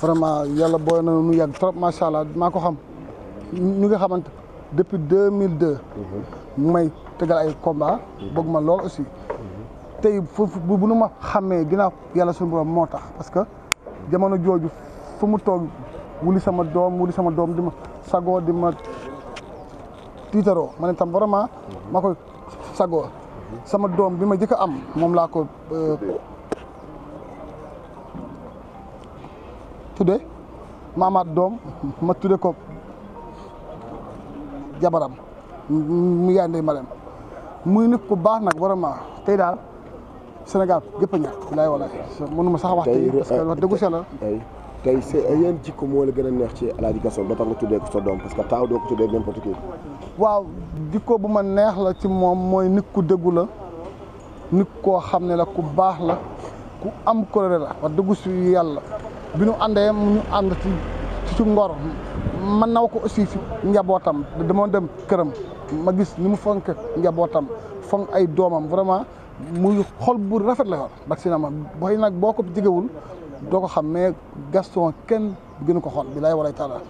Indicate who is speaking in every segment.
Speaker 1: vraiment yàlla booy na nu yàgg trop macha allah maa ko xam nga xamante depuis deux mille deux. Mhm. may tegal ay combat mhm. bëgg ma lool aussi. Mhm. tey foofu nu ma xàmmee ginnaaw yàlla moo tax parce que jamono jooju fu mu toog wuli sama doom wuli sama doom di ma sagoo di ma tiitaroo ma ne tam vraiment. ma koy sago sama doom bi ma jëkk a am moom laa ko. Euh, tudde ma amaat doom ma tudde ko jabaram mu yaay ndey Marème muy nit ku baax nag vraiment tey daal Sénégal gépp a ñàkk bilaay walaay mënuma sax wax tey parce que euh, wax dëggu sell
Speaker 2: tey c'est yéen jikko moo la gën a neex ci El Hadj Gasson ba tax nga tuddee ko doom parce que taaw doo ko tuddee waaw
Speaker 1: jikko bu ma neex la ci moom mooy nit ku dëggu la nit koo xam ne la ku baax la ku am colère la wax dëggu si yàlla bi ñu àndee ñu ànd ci ci ngor man naw ko aussi ci njabootam dama dem këram ma gis ni mu fonk njabootam fonk ay doomam vraiment muy xol buur rafet la yor bak si na ma booy nag boo ko jegewul doo ko xam mais Gaston kenn gënu ko xol bi lay waray taala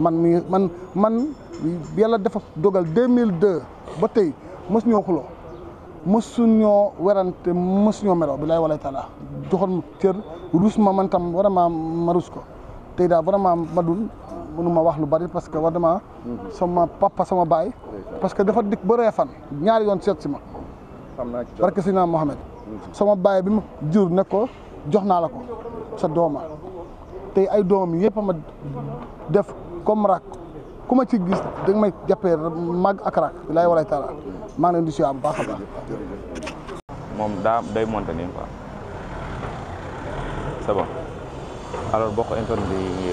Speaker 1: man mi man man yàlla dafa dogal 2002 ba tey mos ñoo xuloo mësuñoo werante mësuñoo melo bi laay walay taala joxoon ma cër ruus ma man tam vraiment ma ruus ko tey daal vraiment ma dul mënuma wax lu bari parce que war dama sama papa sama baay parce que dafa dikk ba reefan ñaari yoon seet si ma barke si naa Mohamed sama baay bi ma jur ne ko jox naa la ko sa dooma tey ay doomam yëpp ma def comme rak ku ci gis da nga may jàppee mag ak raak bilaay walay taala maa ngi leen si am bu baax a
Speaker 3: moom daa day monté nii quoi c'est bon alors bokk interne bi ñu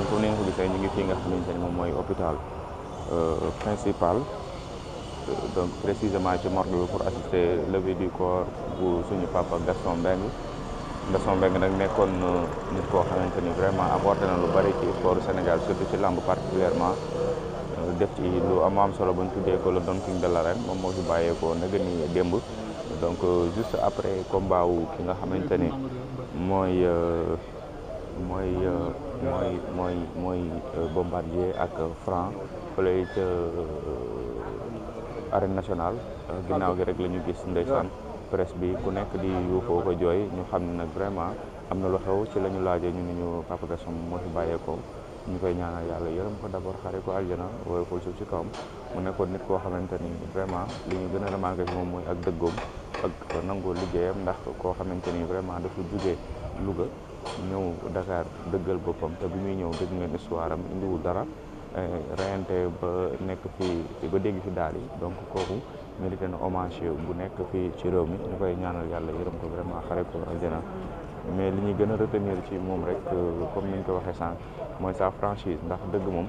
Speaker 3: euh, ngi ko ni nga ko gisee ñu ngi fii nga xamante ne moom mooy hôpital euh, principal euh, donc précisément ci morgue bi pour assister levée du corps bu suñu papa Gaston Mbengue. Gaston Mbengue nag nekkoon nit koo xamante ni vraiment apporté na lu bari ci Sénégal surtout ci lamb particulièrement def ci lu am am solo bu fi tuddee ko le Don King de moom moo fi bàyyeekoo nag ni démb donc euh, juste après combat wu ki nga xamante ni mooy euh, euh, mooy mooy mooy mooy bombardier ak franc fële ca arène nationale ginnaaw gi rek la ñu gis ndeysaan presse bi ku nekk di yuuxoo ko jooy ñu xam ne nag vraiment am na lu xew ci la ñu laajee ñu ni ñu Papa Gaston moo fi bàyyeekoo ñu koy ñaanal yàlla yërëm ko d'abord xare ko aljana woyofal suuf ci kawam mu nekkoon nit koo xamante ni vraiment li ñu gën a remarqué ci moom mooy ak dëggoom ak nangoo liggéeyam ndax koo xamante ni vraiment dafa jugee Louga ñëw Dakar dëggal boppam te bi muy ñëw dëgg ngeen histoire indiwul dara Euh, reyante ba nekk fi ba dégg fi daal yi donc kooku mérité na hommage bu nekk fii ci réew mi ñu koy ñaanal yàlla yërëm ko vraiment xare ko aljana mais li ñuy gën a retenir ci moom rek euh, comme ni ñu ko waxee sànq mooy sa franchise ndax dëgg moom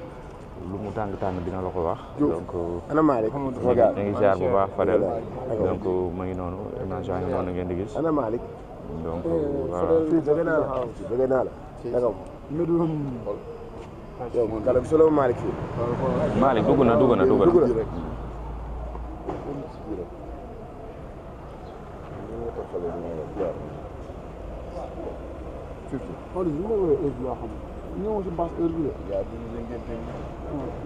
Speaker 3: lu mu tàng tàng dina la ko wax. donc
Speaker 1: euh, ñu ngi ziar bu baax Fadel donc
Speaker 3: mu ngi noonu émission yi noonu ngeen di gis.
Speaker 1: donc
Speaker 2: yow kàlla bi solo Malick fii. Malick dugg na dugg na dugg na Malick li ma woowee heure bi laa xam
Speaker 1: ñëwoon si bâche heure bi de.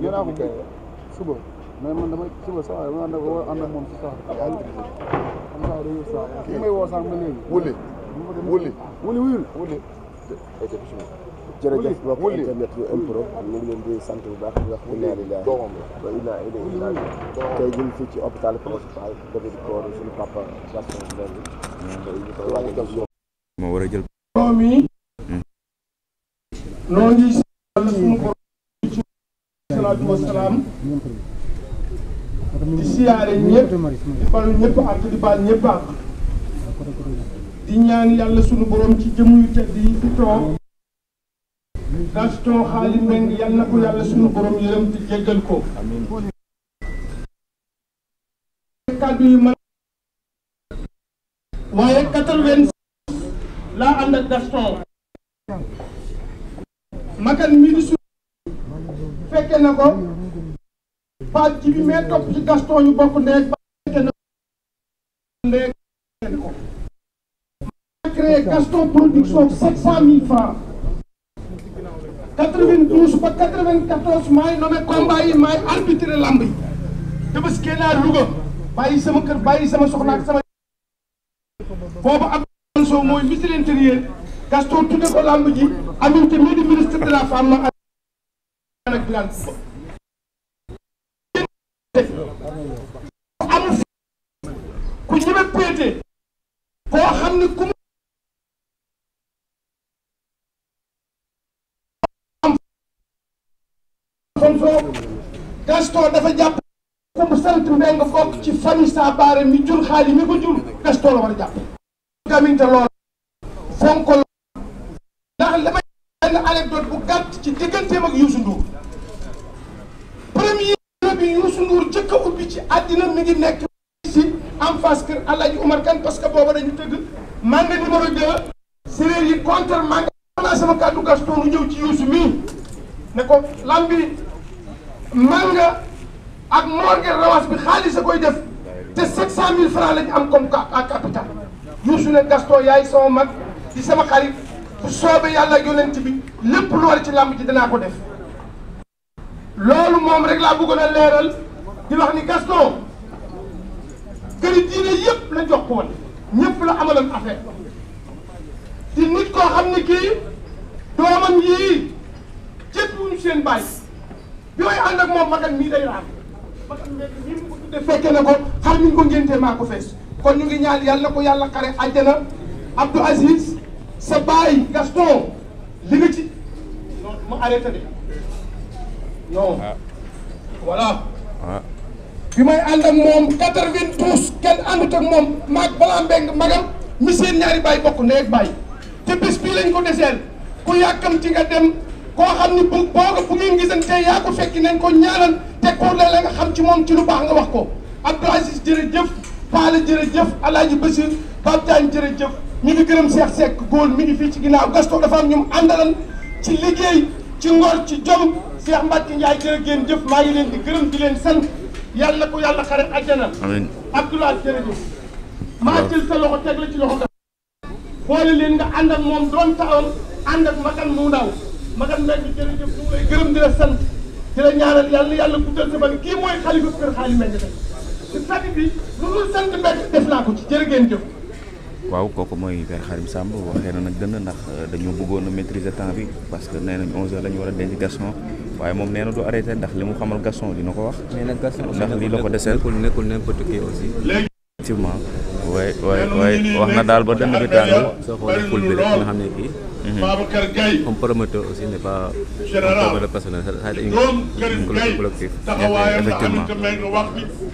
Speaker 1: yéen ko suba mais man damay suba saa yi ma ànd ak ànd ak moom si saa yi. am saa may woo sànq ba léegi. wuli
Speaker 2: wuli wuli wuli. jërëjëf mbokk internet yu impro ñu ngi leen di sant bu baax di wax inna lillahi wa inna ilayhi raji'un tey ñu ngi fii ci hôpital principal David Kor suñu papa Gaston Mbengue tey ñu koy wàcce ci moo war a jël doom yi hmm. noo ngi sant suñu borom ci salaatu wa salaam di siyaare ñëpp di balu ñëpp ak di baal ñëpp ak di ñaan yàlla suñu borom ci jëmm yu tedd yi fi toog Gaston Xaali Mbeng yal na ko yàlla suñu borom yërëm te jéggal ko kàddu yu mën waaye quatre laa ànd ak Gaston makan mi di su na ko paat ci bi mee topp ci Gaston ñu bokk ndeeg ba fekke na ko ma créé Gaston production sept cent mille francs 92 ba 94 maay nommé combat yi maay arbitré lamb yi tabaski naa Louga bàyyi sama kër bàyyi sama soxna ak sama boobu Abdoulaye Sow mooy ministre de l'intérieur tudde ko lamb ji Aminata ministre de la femme ak ak ku ñëme péete koo xam ne ku Gaston dafa jàpp ku mu sant Mbengue Fokk ci famille Sabaare mi jur xaalis mi ko jur Gaston la war a jàpp gaminte lool fonk ko ndax damay benn bu gàtt ci digganteem ak Youssou Ndour premier bi Youssou Ndour jëkk a ubbi ci àddina mi ngi nekk si en face kër Alaaji Umar Kan parce que booba dañu tëgg manga numéro deux séréer yi contre manga naa sama kàddu Gaston lu ñëw ci Youssou mii ne ko lambi manga ak morgue rawas bi xaalis a koy def te 700000 francs lañ am comme à capital Youssou ne Gaston yaay sama mag di sama xarit bu soobee yàlla yonent bi lépp lu war ci làmb ji danaa ko def loolu moom rek laa bëggoon a leeral di wax ni Gaston këri diine yëpp la jox ko woon ñëpp la am affaire di nit koo xam ni kii doomam yii jëpp seen bàyyi bi may ànd ak moom magan mii day raam magan mii mu ko tuddee fekke na ko xar mi ko ngénte maa ko fees kon ñu ngi ñaan yàlla ko yàlla xare àjjana Abdou Aziz sa baay Gaston li ci ma arrêté de non ah. voilà ah. bi may ànd ak moom quatre vingt kenn àndut ak moom maag balaa mbeng magam mi seen ñaari baay bokk ndey baay te bés lañ ko deseel ku yàkkam ci nga dem koo xam ni bu boo bu ngeen gisantee yaa ko fekki nañ ko ñaanal te ko la la nga xam ci moom ci lu baax nga wax ko Abdou Aziz jërëjëf Paala jërëjëf Alaaji Basir Pape Diagne jërëjëf ñu ngi gërëm Cheikh Seck góol mi ngi fii ci ginnaaw Gaston dafa am ñum àndalan ci liggéey ci ngor ci jom Cheikh Mbacke Ndiaye jërë ngeen jëf maa ngi leen di gërëm di leen sant ko yàlla xare àjjana amiin Abdoulaye jërëjëf maa jël sa loxo teg la ci loxo ga xoole leen nga ànd ak moom doon taxaw ànd ak makan mu madame Mbengue jërëjëf a ngi lay gërëm di la sant di la ñaanal bi lu dul sant Mbengue def naa ko ci jërë ngeen jëf.
Speaker 3: waaw kooku mooy Baye Xarim Samb waxee na nag dënn ndax dañoo bëggoon a maîtriser temps bi parce que nee nañ 11h war a denc Gaston waaye moom nee na du arrêté ndax li mu xamal Gaston dina ko wax. mais nag Gaston ndax lii la ko deseel nekkul nekkul n'importe qui aussi. effectivement waaye waaye waay wax na daal ba dënn bi tàng. soo xoolee ful bi rek xam ne kii. Mhm. comme promoteur aussi n'est pas comme le personnel ça dañuy collectif collectif effectivement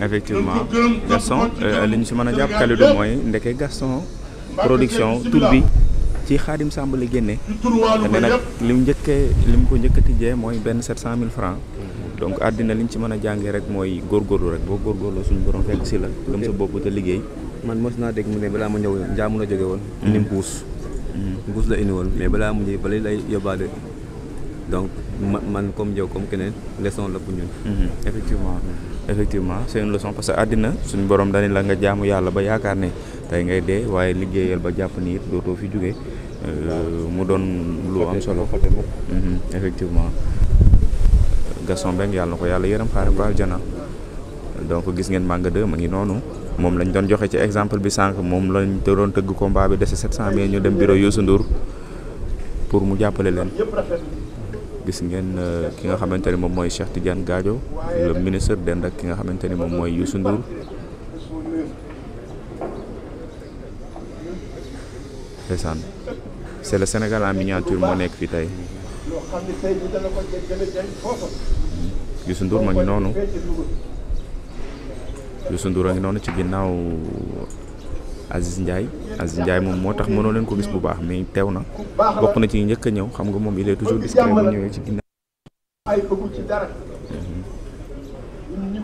Speaker 3: effectivement Gaston euh, li ñu si mën a jàpp Kalidou mooy ndeke Gaston
Speaker 2: production tur bi
Speaker 3: ci Xaadim Samb li génne te nag li mu njëkkee li mu ko njëkk a tijjee mooy benn sept cent mille francs donc àddina li ñu ci mën a jàngee rek mooy góorgóorlu rek boo góorgóorloo suñu borom fekk si la gëm sa bopp te liggéey man mos naa dégg mu ne balaa ma ñëw njaamu la jóge woon ni mbuus mbuus mm-hmm. la indi woon mais balaa mu ñëw bala lay yóbbaale donc ma man comme yow comme keneen leçon la pour ñun mm-hmm. effectivement effectivement c'est une leçon parce que àddina suñu borom dani la nga jaamu yàlla ba yaakaar ne tey ngay dee waaye liggéeyal ba jàpp ni it dootoo fi jóge euh, mu doon lu am solo mm-hmm. effectivement Gaston Mbengue yàlla ko yàlla yaram xaare ko aljana donc gis ngeen màng 2 ma ngi noonu moom lañ doon joxe ci exemple bi sànq moom lañ doon tëgg ko mbaa bi dese 700 mais ñu dem bureau Youssou Ndour pour mu jàppale leen gis ngeen euh, ki nga xamante ni moom mooy Cheikh Tidiane Gadio le ministre dend ak ki nga xamante ni moom mooy Youssou Ndour ndeysaan c'est le Sénégal en moo nekk fii tey Youssou Ndour ma ngi noonu Youssou Ndour a ngi noonu ci ginnaaw Aziz njaay Aziz njaay moom moo tax mënoo leen ko gis bu baax mais teew na bokk na ci njëkk ñëw xam nga moom il est toujours discret bu ñëwee ci
Speaker 2: ginnaaw. ci dara.
Speaker 3: Mhm.